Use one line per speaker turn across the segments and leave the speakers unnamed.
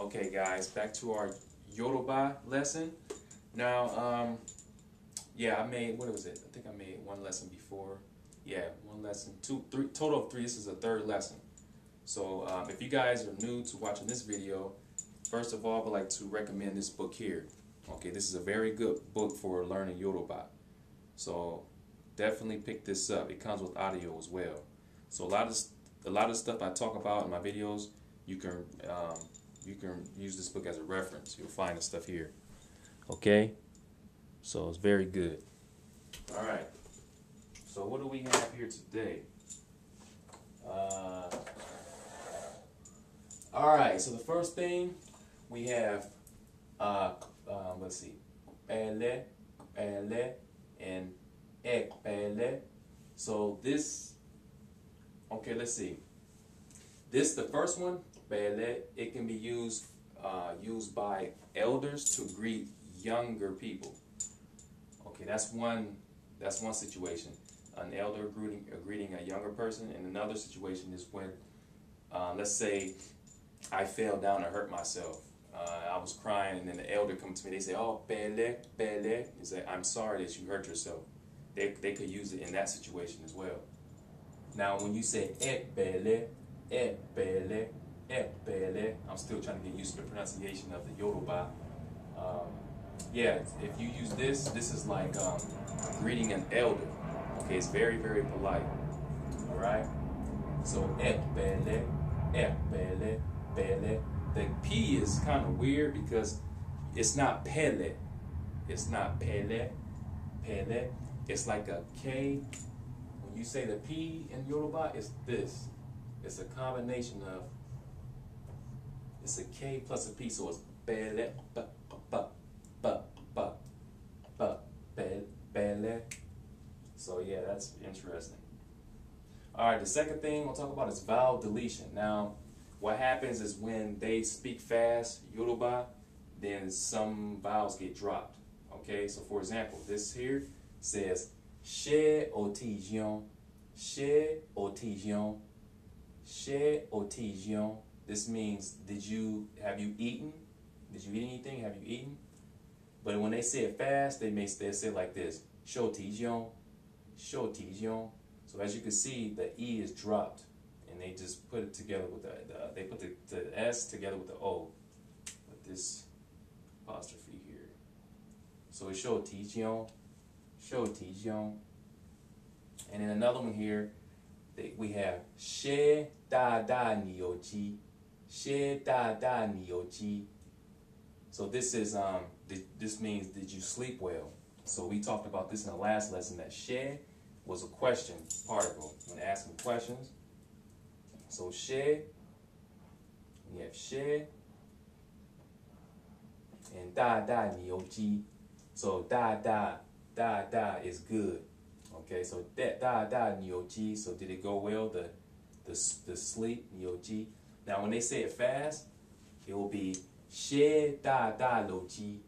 Okay, guys, back to our Yoruba lesson. Now, um, yeah, I made, what was it? I think I made one lesson before. Yeah, one lesson, two, three, total of three. This is a third lesson. So um, if you guys are new to watching this video, first of all, I would like to recommend this book here. Okay, this is a very good book for learning Yoruba. So definitely pick this up. It comes with audio as well. So a lot of a lot of stuff I talk about in my videos, you can um, you can use this book as a reference. You'll find the stuff here. Okay? So it's very good. All right. So what do we have here today? Uh, all right. So the first thing we have, uh, uh, let's see, pele, pele, and ekpele. So this, okay, let's see. This, the first one, Bele, it can be used uh, used by elders to greet younger people. Okay, that's one that's one situation. An elder greeting, uh, greeting a younger person, and another situation is when, uh, let's say, I fell down and hurt myself. Uh, I was crying, and then the elder comes to me. They say, "Oh, Bele, Bele," they say, "I'm sorry that you hurt yourself." They they could use it in that situation as well. Now, when you say "eh Bele," eh Bele," Ebele, I'm still trying to get used to the pronunciation of the Yoruba. Um, yeah, if you use this, this is like um, greeting an elder. Okay, it's very, very polite. All right? So, ebele, ebele, Bele. The P is kind of weird because it's not Pele. It's not Pele, Pele. It's like a K. When you say the P in Yoruba, it's this. It's a combination of it's a K plus a P, so it's belle, b, So yeah, that's interesting. All right, the second thing we'll talk about is vowel deletion. Now, what happens is when they speak fast, Yoruba, then some vowels get dropped. Okay, so for example, this here says she otijion, she otijion, she otijion. This means did you have you eaten? Did you eat anything? Have you eaten? But when they say it fast, they may say it like this: shotijion, shotijion. So as you can see, the e is dropped, and they just put it together with the, the they put the, the s together with the o, with this apostrophe here. So it's shotijion, shotijion. And then another one here, we have she da da nioji she da da So this is um this means did you sleep well? So we talked about this in the last lesson that she was a question particle when asking questions. So she, we have she and da da nioji. So da da da da is good. Okay, so da da da nioji. So did it go well? The the the sleep nioji. Now, when they say it fast, it will be she da da lo ji.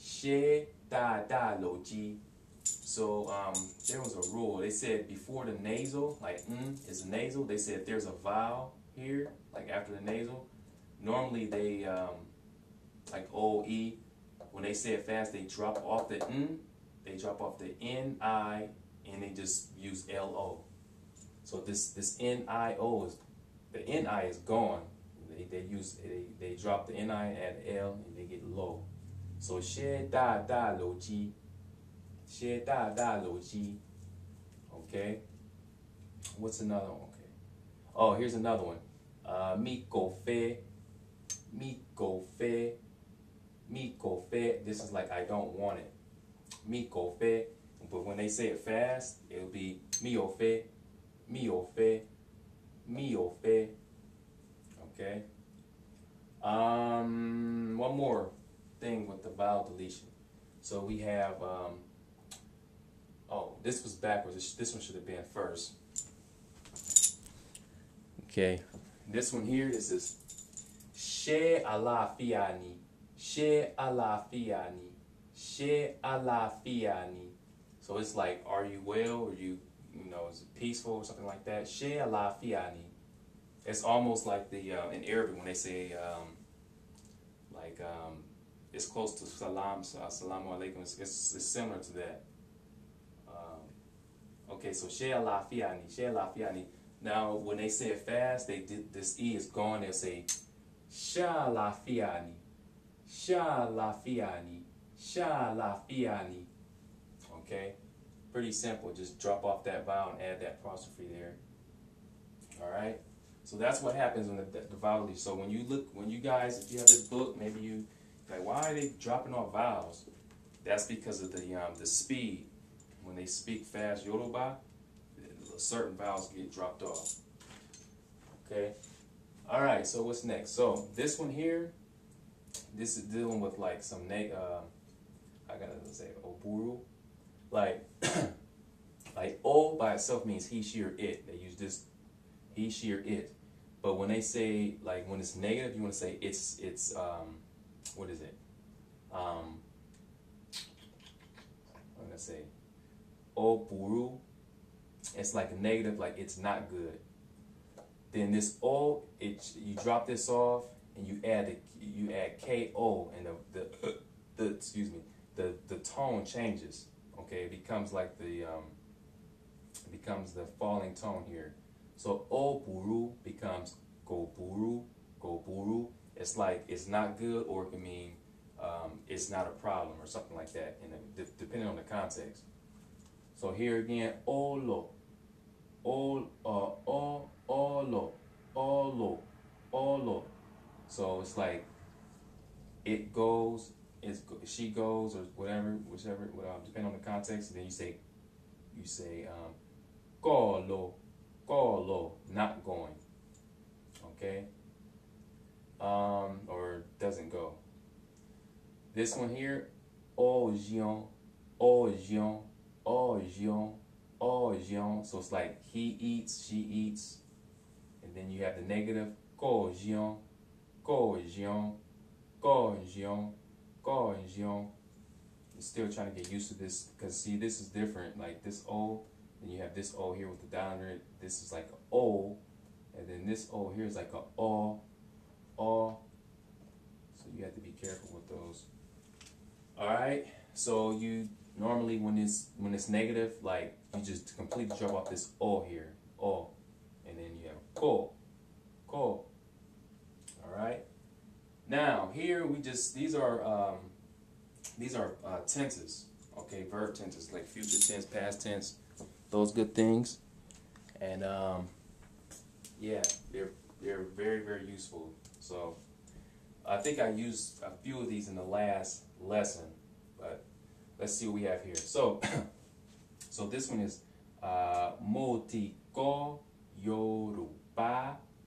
She da da lo ji. So um, there was a rule. They said before the nasal, like mm is the nasal. They said if there's a vowel here, like after the nasal, normally they um, like o e. When they say it fast, they drop off the n, they drop off the n i, and they just use l o. So this this n i o is the ni is gone. They, they use they, they drop the ni at l and they get low. So she da da lo ji, she da da lo ji. Okay. What's another one? Okay. Oh, here's another one. Uh, mi go fe, mi go fe, mi go fe. This is like I don't want it. Mi go fe. But when they say it fast, it'll be mi o fe, mi o fe mio fe. Okay. Um, one more thing with the vowel deletion. So we have, um, oh, this was backwards. This, this one should have been first. Okay. This one here, this is She ala fiani. She ala fiani. She ala fiani. So it's like, are you well? Are you you know, is it peaceful or something like that? Shea la fiani. It's almost like the uh, in Arabic when they say um, like um, it's close to salam, uh, salamu alaikum. It's, it's, it's, similar to that. Um, okay, so shea la fiani, shea la fiani. Now, when they say fast, they did this e is gone. They'll say sha la fiani, sha la fiani, sha la fiani. Okay. Pretty simple. Just drop off that vowel and add that apostrophe there. All right. So that's what happens when the, the, the vowel leaves. So when you look, when you guys, if you have this book, maybe you like, why are they dropping off vowels? That's because of the um, the speed. When they speak fast Yoruba, certain vowels get dropped off. Okay. All right. So what's next? So this one here, this is dealing with like some neg. Uh, I gotta say oburu. Like, like O by itself means he, she, or it. They use this he, she, or it. But when they say like when it's negative, you want to say it's it's um, what is it? Um, I'm gonna say O puru. It's like negative, like it's not good. Then this O, it you drop this off and you add the you add K O and the the, the excuse me the the tone changes. Okay, it becomes like the um, becomes the falling tone here. So buru becomes go buru. It's like it's not good, or it can mean um, it's not a problem or something like that, and depending on the context. So here again, olo, ol, uh, o, olo, olo, olo. So it's like it goes is she goes or whatever, whichever, uh, depending on the context. And then you say, you say, um, go colo, not going. Okay. Um, or doesn't go. This one here, ojion, ojion, ojion, ojion. So it's like he eats, she eats, and then you have the negative, jion, kojion, jion." and you know, still trying to get used to this because see, this is different. Like this O, and you have this O here with the downer. This is like a O, and then this O here is like a O, O. So you have to be careful with those. All right. So you normally when it's when it's negative, like you just completely drop off this O here, O, and then you have ko, ko. All right. Now, here we just, these are, um, these are uh, tenses, okay, verb tenses, like future tense, past tense, those good things. And, um, yeah, they're, they're very, very useful. So, I think I used a few of these in the last lesson, but let's see what we have here. So, so this one is uh, Yoruba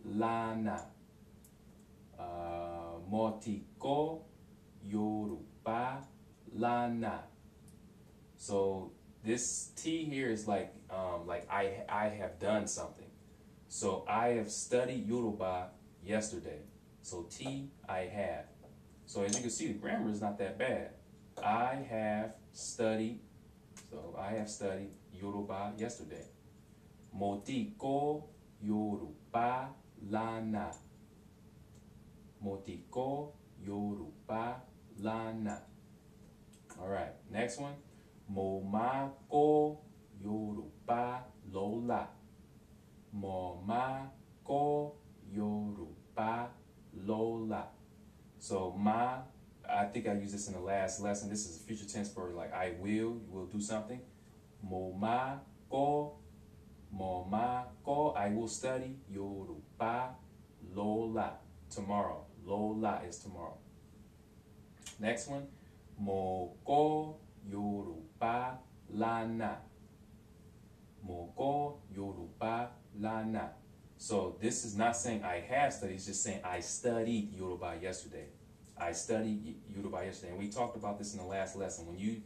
Lana. Uh, Motiko Yoruba Lana. So this T here is like um, like I I have done something. So I have studied Yoruba yesterday. So T I have. So as you can see, the grammar is not that bad. I have studied. So I have studied Yoruba yesterday. Motiko Yoruba Lana. Motiko, Yoruba, Lana. All right, next one. Momako, Yoruba, Lola. Momako, Yoruba, Lola. So ma, I think I used this in the last lesson. This is a future tense for like I will, you will do something. Momako, momako, I will study Yoruba, Lola, tomorrow. Lola is tomorrow. Next one, Moko Yoruba Lana. Moko Yoruba Lana. So this is not saying I have studied, it's just saying I studied Yoruba yesterday. I studied Yoruba yesterday. And we talked about this in the last lesson. When you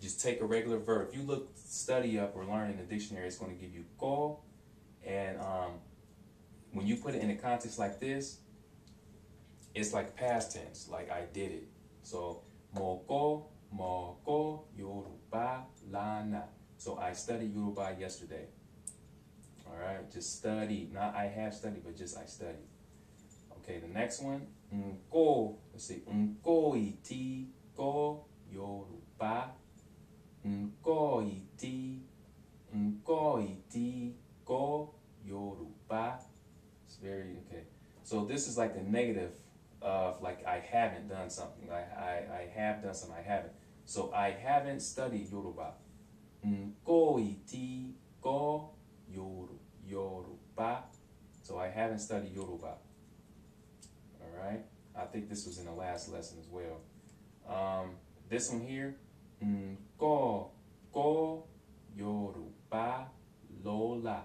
just take a regular verb, if you look, study up, or learn in the dictionary, it's going to give you ko. And um, when you put it in a context like this, it's like past tense, like I did it. So moko moko Yoruba lana. So I studied Yoruba yesterday. All right, just study. Not I have studied, but just I studied. Okay, the next one. Unko. Let's see. Unko iti ko Yoruba. Unko iti. Unko iti ko Yoruba. It's very okay. So this is like the negative of like I haven't done something. I, I, I have done something. I haven't. So I haven't studied Yoruba. Nkoiti ko Yoruba. So I haven't studied Yoruba. All right. I think this was in the last lesson as well. Um, this one here. Nko ko Yoruba Lola.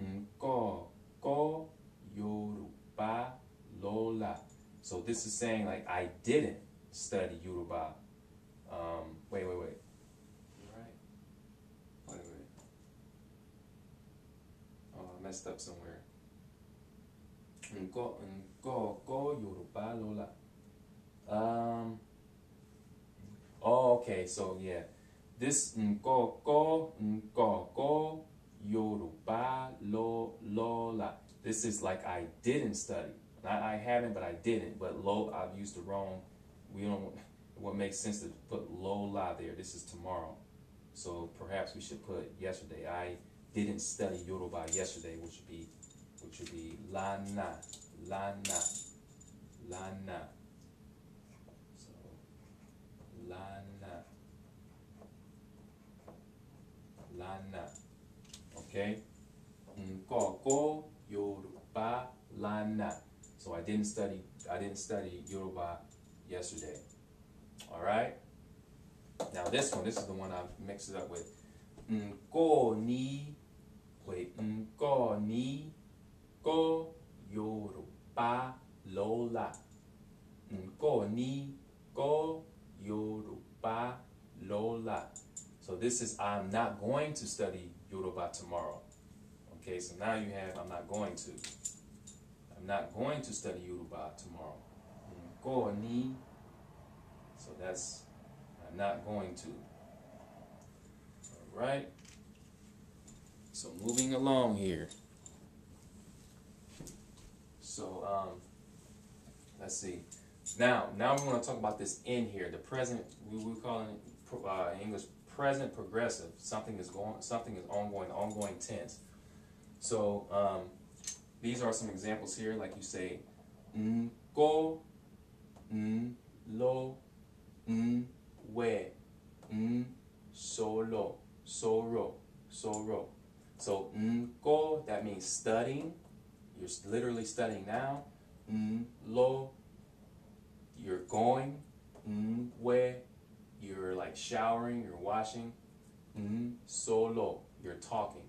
Nko ko Yoruba Lola. So this is saying like I didn't study Yoruba. Um, wait, wait, wait. All right. are Wait Oh, I messed up somewhere. Nko, nko, ko Yoruba Lola. Um. Oh, okay. So yeah, this nko, ko, nko, Yoruba lo, Lola. This is like I didn't study. Not I haven't, but I didn't. But lo, I've used the wrong. We don't. What makes sense to put lo la there? This is tomorrow. So perhaps we should put yesterday. I didn't study Yoruba yesterday, which would be, which would be lana, lana, lana. So lana, lana. Okay. Ngoko Yoruba lana. So I didn't study I didn't study Yoruba yesterday. All right. Now this one, this is the one I mixed it up with. Nko ni wait nko ni ko Yoruba lola. Nko ni ko Yoruba lola. So this is I'm not going to study Yoruba tomorrow. Okay, so now you have I'm not going to not going to study Yoruba tomorrow. Go ni. So that's I'm not going to. All right. So moving along here. So um, let's see. Now, now we're going to talk about this in here. The present, we were calling it uh, English present progressive. Something is going, something is ongoing, ongoing tense. So um, these are some examples here, like you say, go, lo, we, solo, soro, soro. So go that means studying. You're literally studying now. Lo, you're going. We, you're like showering, you're washing. Solo, you're talking.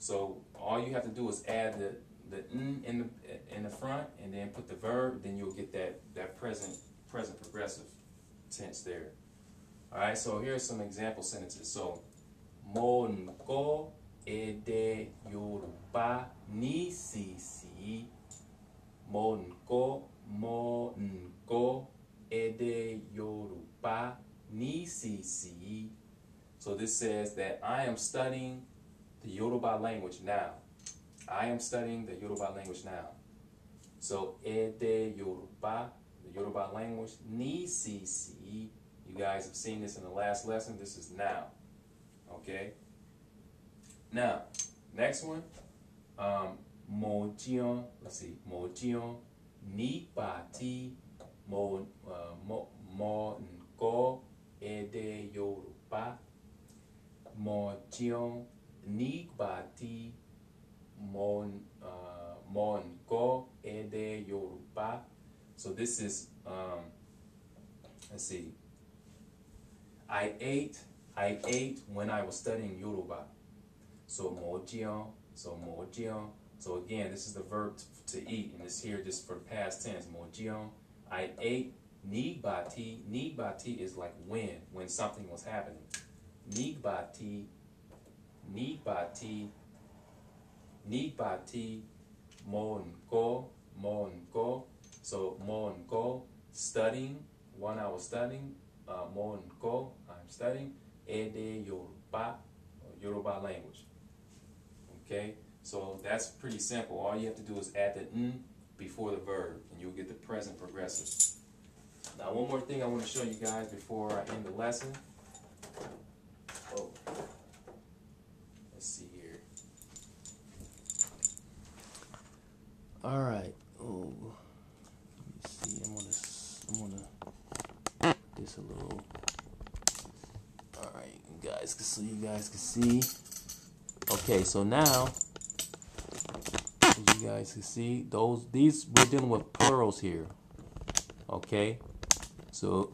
So all you have to do is add the the n in the in the front, and then put the verb. Then you'll get that that present present progressive tense there. All right. So here are some example sentences. So Monko ede Yoruba ni si si. Monko monko ede Yoruba ni si si. So this says that I am studying the Yoruba language now. I am studying the Yoruba language now. So, Ede Yoruba, the Yoruba language, Nisisi. You guys have seen this in the last lesson. This is now. Okay? Now, next one. Um, let's see, Mojion, Nipati, Mo, uh, mo, mo Nko, Ede Yoruba, Mojion, Nipati, Mon, uh, e Ede, Yoruba. So this is, um, let's see. I ate, I ate when I was studying Yoruba. So mojion, so mojion. So again, this is the verb to eat, and it's here just for past tense. Mojion, I ate nigbati. Nigbati is like when, when something was happening. Nigbati, nigbati ni ba ti mon go mon go. So mon go studying one hour studying uh, mon go I'm studying ede Yoruba Yoruba language. Okay, so that's pretty simple. All you have to do is add the n before the verb, and you'll get the present progressive. Now, one more thing I want to show you guys before I end the lesson. Oh. All right. Oh, let me see. I'm gonna I'm gonna this a little. All right, you guys so you guys can see. Okay, so now as you guys can see, those these we're dealing with plurals here. Okay, so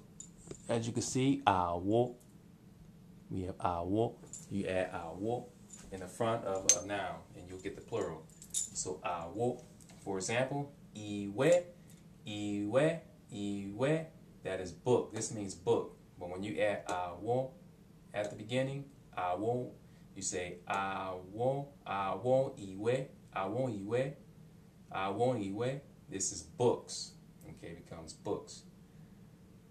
as you can see, awo. We have awo. You add awo in the front of a noun, and you'll get the plural. So awo for example, iwe, iwe, iwe, that is book. This means book. But when you add I won't at the beginning, I won't, you say I won't, I won't iwe, I won't iwe, I won't iwe. This is books. Okay, becomes books.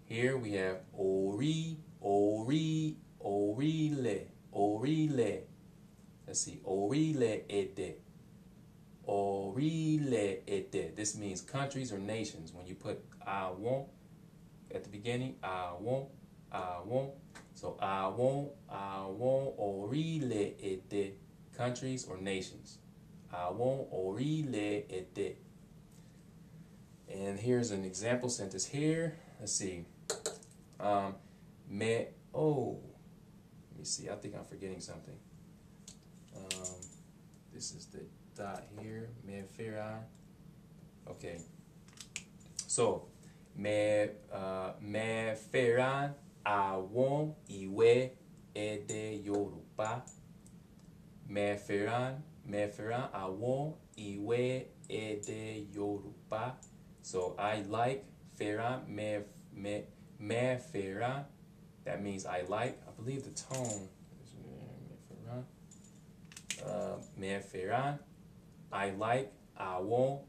Here we have ori, ori, orile, orile. Let's see, orile ede. Orilete. This means countries or nations. When you put I want at the beginning, I want, I want. So I want, I want orilete. Countries or nations. I want orilete. And here's an example sentence here. Let's see. Um, me oh. Let me see. I think I'm forgetting something. Um, this is the dot here, Mephira. Okay. So, me, uh, Mephira àwọn ìwé èdè Yorùbá. Mephira, Mephira àwọn ìwé èdè Yorùbá. So, I like feran, me, me, Mephira. That means I like. I believe the tone. Mephira. Uh, Mephira. I like, I want,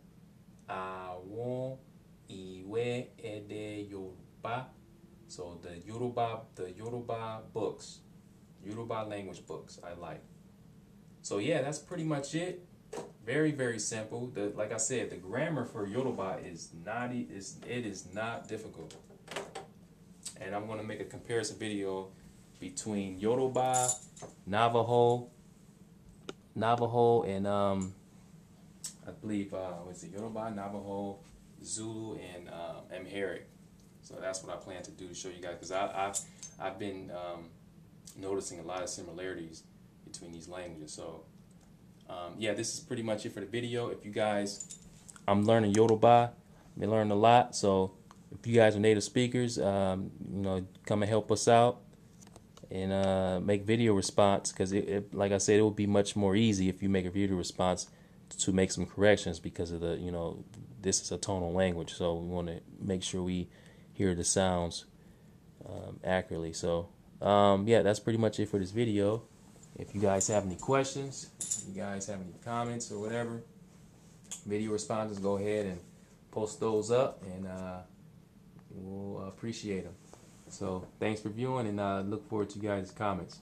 I want ìwé èdè Yorùbá. So the Yoruba, the Yoruba books, Yoruba language books, I like. So yeah, that's pretty much it. Very very simple. The like I said, the grammar for Yoruba is not is it is not difficult. And I'm gonna make a comparison video between Yoruba, Navajo, Navajo, and um, I believe uh, was it Yoruba, Navajo, Zulu, and uh, Amharic. So that's what I plan to do to show you guys because I've I've been um, noticing a lot of similarities between these languages. So um, yeah, this is pretty much it for the video. If you guys, I'm learning Yoruba, I've been learning a lot. So if you guys are native speakers, um, you know, come and help us out and uh, make video response because it, it, like I said, it would be much more easy if you make a video response to make some corrections because of the you know this is a tonal language, so we want to make sure we hear the sounds um, accurately. So um, yeah, that's pretty much it for this video. If you guys have any questions, you guys have any comments or whatever, video responses, go ahead and post those up, and uh, we'll appreciate them. So thanks for viewing, and uh, look forward to you guys' comments.